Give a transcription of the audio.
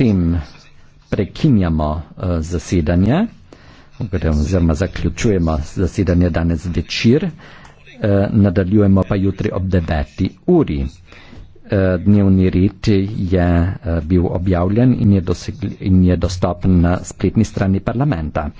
tem prekinjamo uh, zasedanje, oziroma zaključujemo zasedanje danes večer, uh, nadaljujemo pa jutri ob 9. uri. Eh, dnevni red je bil objavljen in je, in je dostopen na spletni strani parlamenta.